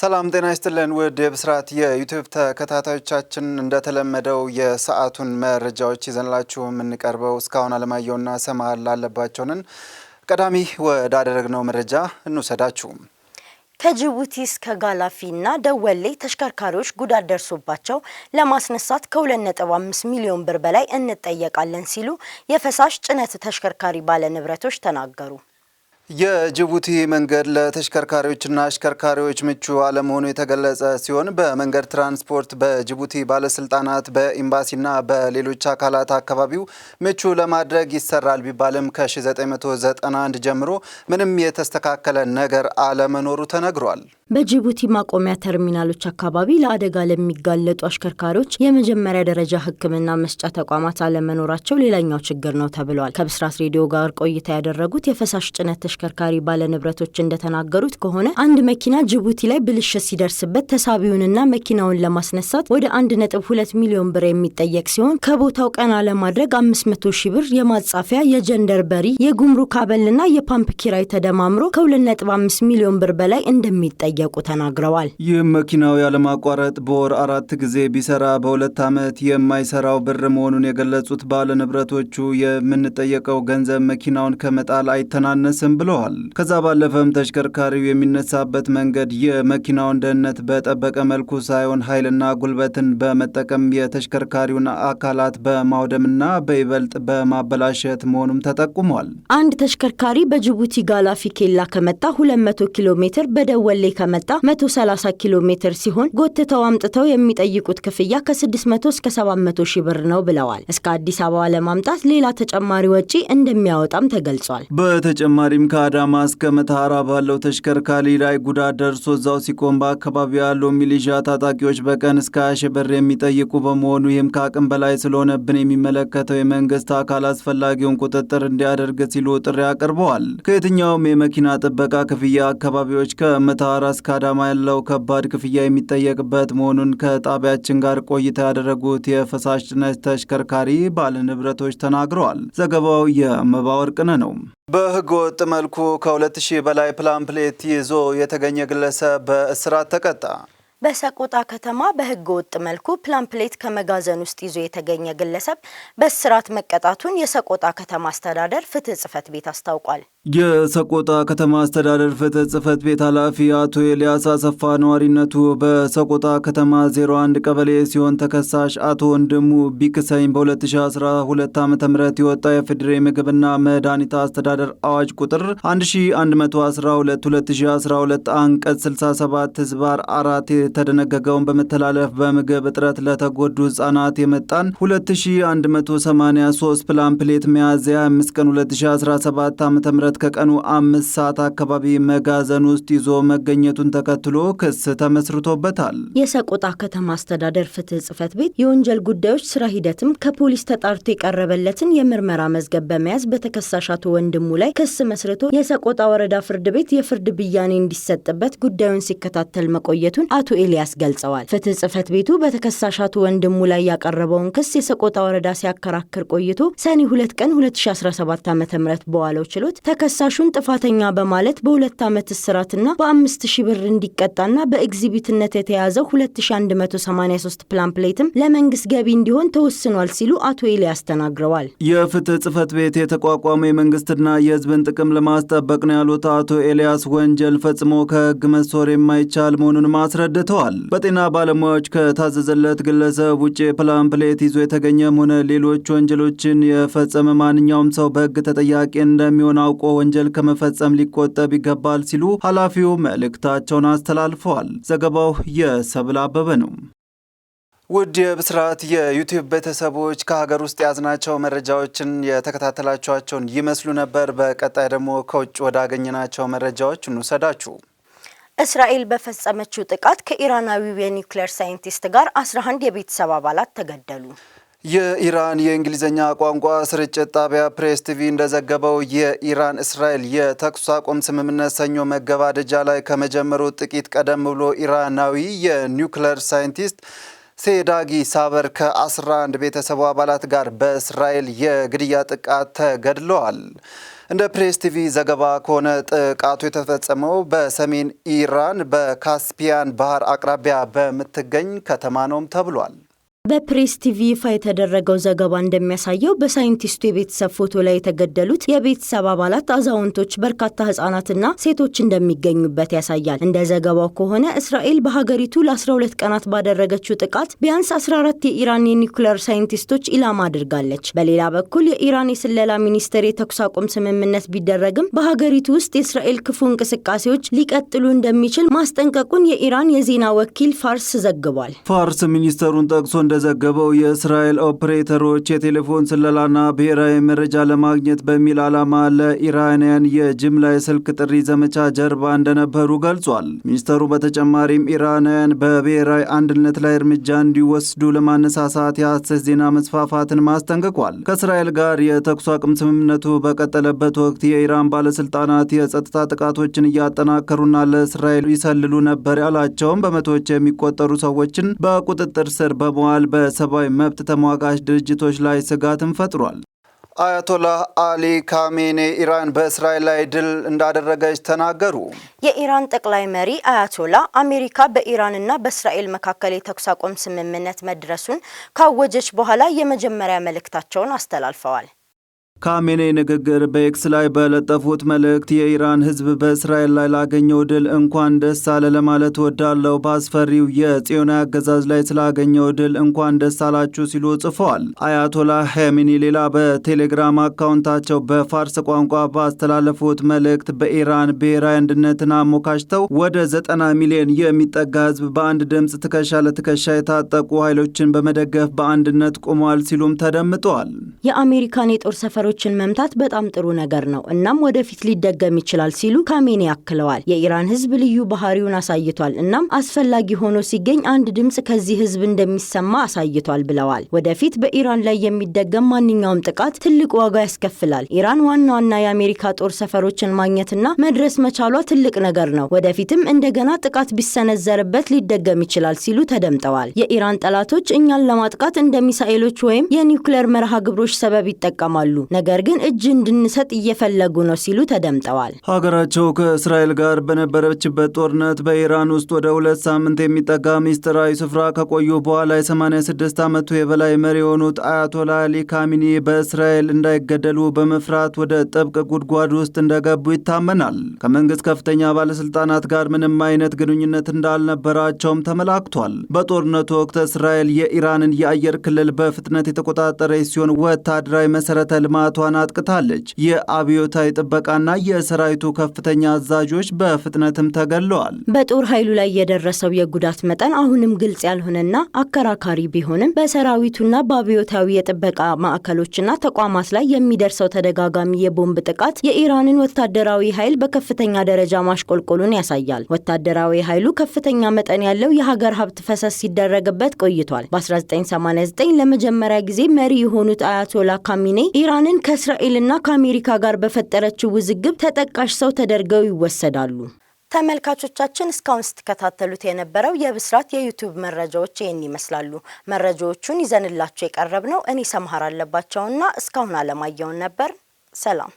ሰላም ጤና ይስጥልን ውድ የብስራት የዩቲዩብ ተከታታዮቻችን እንደተለመደው የሰዓቱን መረጃዎች ይዘንላችሁ የምንቀርበው እስካሁን አለማየሁና ሰማል ላለባቸውንን ቀዳሚ ወዳደረግነው መረጃ እንውሰዳችሁ። ከጅቡቲ እስከ ጋላፊና ደወሌ ተሽከርካሪዎች ጉዳት ደርሶባቸው ለማስነሳት ከ2.5 ሚሊዮን ብር በላይ እንጠየቃለን ሲሉ የፈሳሽ ጭነት ተሽከርካሪ ባለንብረቶች ተናገሩ። የጅቡቲ መንገድ ለተሽከርካሪዎችና አሽከርካሪዎች ምቹ አለመሆኑ የተገለጸ ሲሆን በመንገድ ትራንስፖርት በጅቡቲ ባለስልጣናት በኤምባሲና በሌሎች አካላት አካባቢው ምቹ ለማድረግ ይሰራል ቢባልም ከ1991 ጀምሮ ምንም የተስተካከለ ነገር አለመኖሩ ተነግሯል። በጅቡቲ ማቆሚያ ተርሚናሎች አካባቢ ለአደጋ ለሚጋለጡ አሽከርካሪዎች የመጀመሪያ ደረጃ ሕክምና መስጫ ተቋማት አለመኖራቸው ሌላኛው ችግር ነው ተብሏል። ከብስራት ሬዲዮ ጋር ቆይታ ያደረጉት የፈሳሽ ጭነት አሽከርካሪ ባለንብረቶች እንደተናገሩት ከሆነ አንድ መኪና ጅቡቲ ላይ ብልሽት ሲደርስበት ተሳቢውንና መኪናውን ለማስነሳት ወደ 1.2 ሚሊዮን ብር የሚጠየቅ ሲሆን ከቦታው ቀና ለማድረግ 500 ሺህ ብር የማጻፊያ፣ የጀንደር በሪ የጉምሩክ አበልና የፓምፕ ኪራይ ተደማምሮ ከ2.5 ሚሊዮን ብር በላይ እንደሚጠየቁ ተናግረዋል። ይህም መኪናው ያለማቋረጥ በወር አራት ጊዜ ቢሰራ በሁለት ዓመት የማይሰራው ብር መሆኑን የገለጹት ባለንብረቶቹ የምንጠየቀው ገንዘብ መኪናውን ከመጣል አይተናነስም ብለዋል። ከዛ ባለፈም ተሽከርካሪው የሚነሳበት መንገድ የመኪናውን ደህንነት በጠበቀ መልኩ ሳይሆን ኃይልና ጉልበትን በመጠቀም የተሽከርካሪውን አካላት በማውደምና በይበልጥ በማበላሸት መሆኑም ተጠቁሟል። አንድ ተሽከርካሪ በጅቡቲ ጋላፊ ኬላ ከመጣ 200 ኪሎ ሜትር በደወሌ ከመጣ 130 ኪሎ ሜትር ሲሆን ጎትተው አምጥተው የሚጠይቁት ክፍያ ከ600 እስከ 700 ሺህ ብር ነው ብለዋል። እስከ አዲስ አበባ ለማምጣት ሌላ ተጨማሪ ወጪ እንደሚያወጣም ተገልጿል። በተጨማሪም ከአዳማ እስከ መተሐራ ባለው ተሽከርካሪ ላይ ጉዳት ደርሶ እዛው ሲቆም በአካባቢው ያለው ሚሊሻ ታጣቂዎች በቀን እስከ ሀያ ሺህ ብር የሚጠይቁ በመሆኑ ይህም ከአቅም በላይ ስለሆነብን የሚመለከተው የመንግስት አካል አስፈላጊውን ቁጥጥር እንዲያደርግ ሲሉ ጥሪ አቅርበዋል። ከየትኛውም የመኪና ጥበቃ ክፍያ አካባቢዎች ከመተሐራ እስከ አዳማ ያለው ከባድ ክፍያ የሚጠየቅበት መሆኑን ከጣቢያችን ጋር ቆይታ ያደረጉት የፈሳሽ ጭነት ተሽከርካሪ ባለንብረቶች ተናግረዋል። ዘገባው የመባወርቅነ ወርቅነህ ነው። በህገወጥ መልኩ ከ2000 በላይ ፕላምፕሌት ይዞ የተገኘ ግለሰብ በእስራት ተቀጣ። በሰቆጣ ከተማ በህገ ወጥ መልኩ ፕላምፕሌት ከመጋዘን ውስጥ ይዞ የተገኘ ግለሰብ በእስራት መቀጣቱን የሰቆጣ ከተማ አስተዳደር ፍትህ ጽህፈት ቤት አስታውቋል። የሰቆጣ ከተማ አስተዳደር ፍትህ ጽህፈት ቤት ኃላፊ አቶ ኤልያስ አሰፋ ነዋሪነቱ በሰቆጣ ከተማ 01 ቀበሌ ሲሆን ተከሳሽ አቶ ወንድሙ ቢክሰኝ በ2012 ዓ ም የወጣ የፌዴራል ምግብና መድኃኒት አስተዳደር አዋጅ ቁጥር 1112/2012 አንቀጽ 67 ህዝባር አራት የተደነገገውን በመተላለፍ በምግብ እጥረት ለተጎዱ ህጻናት የመጣን 2183 ፕላምፕሌት ፕሌት ሚያዝያ 5 ቀን 2017 ዓ ም መሰረት ከቀኑ አምስት ሰዓት አካባቢ መጋዘን ውስጥ ይዞ መገኘቱን ተከትሎ ክስ ተመስርቶበታል። የሰቆጣ ከተማ አስተዳደር ፍትህ ጽህፈት ቤት የወንጀል ጉዳዮች ስራ ሂደትም ከፖሊስ ተጣርቶ የቀረበለትን የምርመራ መዝገብ በመያዝ በተከሳሻቱ ወንድሙ ላይ ክስ መስርቶ የሰቆጣ ወረዳ ፍርድ ቤት የፍርድ ብያኔ እንዲሰጥበት ጉዳዩን ሲከታተል መቆየቱን አቶ ኤልያስ ገልጸዋል። ፍትህ ጽህፈት ቤቱ በተከሳሻቱ ወንድሙ ላይ ያቀረበውን ክስ የሰቆጣ ወረዳ ሲያከራክር ቆይቶ ሰኔ 2 ቀን 2017 ዓ ም በዋለው ችሎት ከሳሹን ጥፋተኛ በማለት በሁለት ዓመት እስራትና በአምስት ሺህ ብር እንዲቀጣና በኤግዚቢትነት የተያዘ 2183 ፕላምፕሌትም ለመንግስት ገቢ እንዲሆን ተወስኗል ሲሉ አቶ ኤልያስ ተናግረዋል። የፍትህ ጽህፈት ቤት የተቋቋመ የመንግስትና የህዝብን ጥቅም ለማስጠበቅ ነው ያሉት አቶ ኤልያስ ወንጀል ፈጽሞ ከህግ መሶር የማይቻል መሆኑንም አስረድተዋል። በጤና ባለሙያዎች ከታዘዘለት ግለሰብ ውጭ ፕላምፕሌት ይዞ የተገኘም ሆነ ሌሎች ወንጀሎችን የፈጸመ ማንኛውም ሰው በህግ ተጠያቂ እንደሚሆን አውቆ ወንጀል ከመፈጸም ሊቆጠብ ይገባል ሲሉ ኃላፊው መልእክታቸውን አስተላልፈዋል። ዘገባው የሰብል አበበ ነው። ውድ የብስራት የዩቲዩብ ቤተሰቦች ከሀገር ውስጥ የያዝናቸው መረጃዎችን የተከታተላችኋቸውን ይመስሉ ነበር። በቀጣይ ደግሞ ከውጭ ወዳገኘናቸው መረጃዎች እንውሰዳችሁ። እስራኤል በፈጸመችው ጥቃት ከኢራናዊው የኒውክሌር ሳይንቲስት ጋር 11 የቤተሰብ አባላት ተገደሉ። የኢራን የእንግሊዝኛ ቋንቋ ስርጭት ጣቢያ ፕሬስ ቲቪ እንደዘገበው የኢራን እስራኤል የተኩስ አቁም ስምምነት ሰኞ መገባደጃ ላይ ከመጀመሩ ጥቂት ቀደም ብሎ ኢራናዊ የኒውክለር ሳይንቲስት ሴዳጊ ሳበር ከ11 ቤተሰቡ አባላት ጋር በእስራኤል የግድያ ጥቃት ተገድለዋል። እንደ ፕሬስ ቲቪ ዘገባ ከሆነ ጥቃቱ የተፈጸመው በሰሜን ኢራን በካስፒያን ባህር አቅራቢያ በምትገኝ ከተማ ነውም ተብሏል። በፕሬስ ቲቪ ይፋ የተደረገው ዘገባ እንደሚያሳየው በሳይንቲስቱ የቤተሰብ ፎቶ ላይ የተገደሉት የቤተሰብ አባላት አዛውንቶች፣ በርካታ ህጻናትና ሴቶች እንደሚገኙበት ያሳያል። እንደ ዘገባው ከሆነ እስራኤል በሀገሪቱ ለ12 ቀናት ባደረገችው ጥቃት ቢያንስ 14 የኢራን የኒውክሌር ሳይንቲስቶች ኢላማ አድርጋለች። በሌላ በኩል የኢራን የስለላ ሚኒስቴር የተኩስ አቁም ስምምነት ቢደረግም በሀገሪቱ ውስጥ የእስራኤል ክፉ እንቅስቃሴዎች ሊቀጥሉ እንደሚችል ማስጠንቀቁን የኢራን የዜና ወኪል ፋርስ ዘግቧል። ፋርስ ሚኒስተሩን ጠቅሶ እንደዘገበው የእስራኤል ኦፕሬተሮች የቴሌፎን ስለላና ብሔራዊ መረጃ ለማግኘት በሚል ዓላማ ለኢራንያን የጅምላ የስልክ ጥሪ ዘመቻ ጀርባ እንደነበሩ ገልጿል። ሚኒስተሩ በተጨማሪም ኢራናውያን በብሔራዊ አንድነት ላይ እርምጃ እንዲወስዱ ለማነሳሳት የሐሰት ዜና መስፋፋትን ማስጠንቅቋል። ከእስራኤል ጋር የተኩስ አቁም ስምምነቱ በቀጠለበት ወቅት የኢራን ባለስልጣናት የጸጥታ ጥቃቶችን እያጠናከሩና ለእስራኤል ይሰልሉ ነበር ያላቸውም በመቶዎች የሚቆጠሩ ሰዎችን በቁጥጥር ስር በመዋል በሰብአዊ መብት ተሟጋች ድርጅቶች ላይ ስጋትን ፈጥሯል። አያቶላህ አሊ ካሜኔ ኢራን በእስራኤል ላይ ድል እንዳደረገች ተናገሩ። የኢራን ጠቅላይ መሪ አያቶላ አሜሪካ በኢራንና በእስራኤል መካከል የተኩስ አቁም ስምምነት መድረሱን ካወጀች በኋላ የመጀመሪያ መልእክታቸውን አስተላልፈዋል። ካሜኔ ንግግር በኤክስ ላይ በለጠፉት መልእክት የኢራን ሕዝብ በእስራኤል ላይ ላገኘው ድል እንኳን ደስ አለ ለማለት ወዳለው በአስፈሪው የጽዮናዊ አገዛዝ ላይ ስላገኘው ድል እንኳን ደስ አላችሁ ሲሉ ጽፈዋል። አያቶላ ሄሚኒ ሌላ በቴሌግራም አካውንታቸው በፋርስ ቋንቋ ባስተላለፉት መልእክት በኢራን ብሔራዊ አንድነትን አሞካሽተው ወደ ዘጠና ሚሊዮን የሚጠጋ ሕዝብ በአንድ ድምፅ ትከሻ ለትከሻ የታጠቁ ኃይሎችን በመደገፍ በአንድነት ቆሟል ሲሉም ተደምጠዋል። የአሜሪካን የጦር ሰፈር አጋሮችን መምታት በጣም ጥሩ ነገር ነው፣ እናም ወደፊት ሊደገም ይችላል ሲሉ ካሜኒ አክለዋል። የኢራን ህዝብ ልዩ ባህሪውን አሳይቷል፣ እናም አስፈላጊ ሆኖ ሲገኝ አንድ ድምፅ ከዚህ ህዝብ እንደሚሰማ አሳይቷል ብለዋል። ወደፊት በኢራን ላይ የሚደገም ማንኛውም ጥቃት ትልቅ ዋጋ ያስከፍላል። ኢራን ዋና ዋና የአሜሪካ ጦር ሰፈሮችን ማግኘትና መድረስ መቻሏ ትልቅ ነገር ነው። ወደፊትም እንደገና ጥቃት ቢሰነዘርበት ሊደገም ይችላል ሲሉ ተደምጠዋል። የኢራን ጠላቶች እኛን ለማጥቃት እንደ ሚሳኤሎች ወይም የኒውክሌር መርሃ ግብሮች ሰበብ ይጠቀማሉ። ነገር ግን እጅ እንድንሰጥ እየፈለጉ ነው ሲሉ ተደምጠዋል። ሀገራቸው ከእስራኤል ጋር በነበረችበት ጦርነት በኢራን ውስጥ ወደ ሁለት ሳምንት የሚጠጋ ሚስጥራዊ ስፍራ ከቆዩ በኋላ የ86 ዓመቱ የበላይ መሪ የሆኑት አያቶላ አሊ ካሚኒ በእስራኤል እንዳይገደሉ በመፍራት ወደ ጥብቅ ጉድጓድ ውስጥ እንደገቡ ይታመናል። ከመንግስት ከፍተኛ ባለስልጣናት ጋር ምንም አይነት ግንኙነት እንዳልነበራቸውም ተመላክቷል። በጦርነቱ ወቅት እስራኤል የኢራንን የአየር ክልል በፍጥነት የተቆጣጠረች ሲሆን ወታደራዊ መሠረተ ልማት ጥናቷን አጥቅታለች። የአብዮታዊ ጥበቃና የሰራዊቱ ከፍተኛ አዛዦች በፍጥነትም ተገለዋል። በጦር ኃይሉ ላይ የደረሰው የጉዳት መጠን አሁንም ግልጽ ያልሆነና አከራካሪ ቢሆንም በሰራዊቱና በአብዮታዊ የጥበቃ ማዕከሎችና ተቋማት ላይ የሚደርሰው ተደጋጋሚ የቦምብ ጥቃት የኢራንን ወታደራዊ ኃይል በከፍተኛ ደረጃ ማሽቆልቆሉን ያሳያል። ወታደራዊ ኃይሉ ከፍተኛ መጠን ያለው የሀገር ሀብት ፈሰስ ሲደረግበት ቆይቷል። በ1989 ለመጀመሪያ ጊዜ መሪ የሆኑት አያቶላ ካሚኔ ኢራንን ግን ከእስራኤልና ከአሜሪካ ጋር በፈጠረችው ውዝግብ ተጠቃሽ ሰው ተደርገው ይወሰዳሉ። ተመልካቾቻችን እስካሁን ስትከታተሉት የነበረው የብስራት የዩቱብ መረጃዎች ይህን ይመስላሉ። መረጃዎቹን ይዘንላቸው የቀረብ ነው። እኔ ሰምሃር አለባቸውና እስካሁን አለማየውን ነበር። ሰላም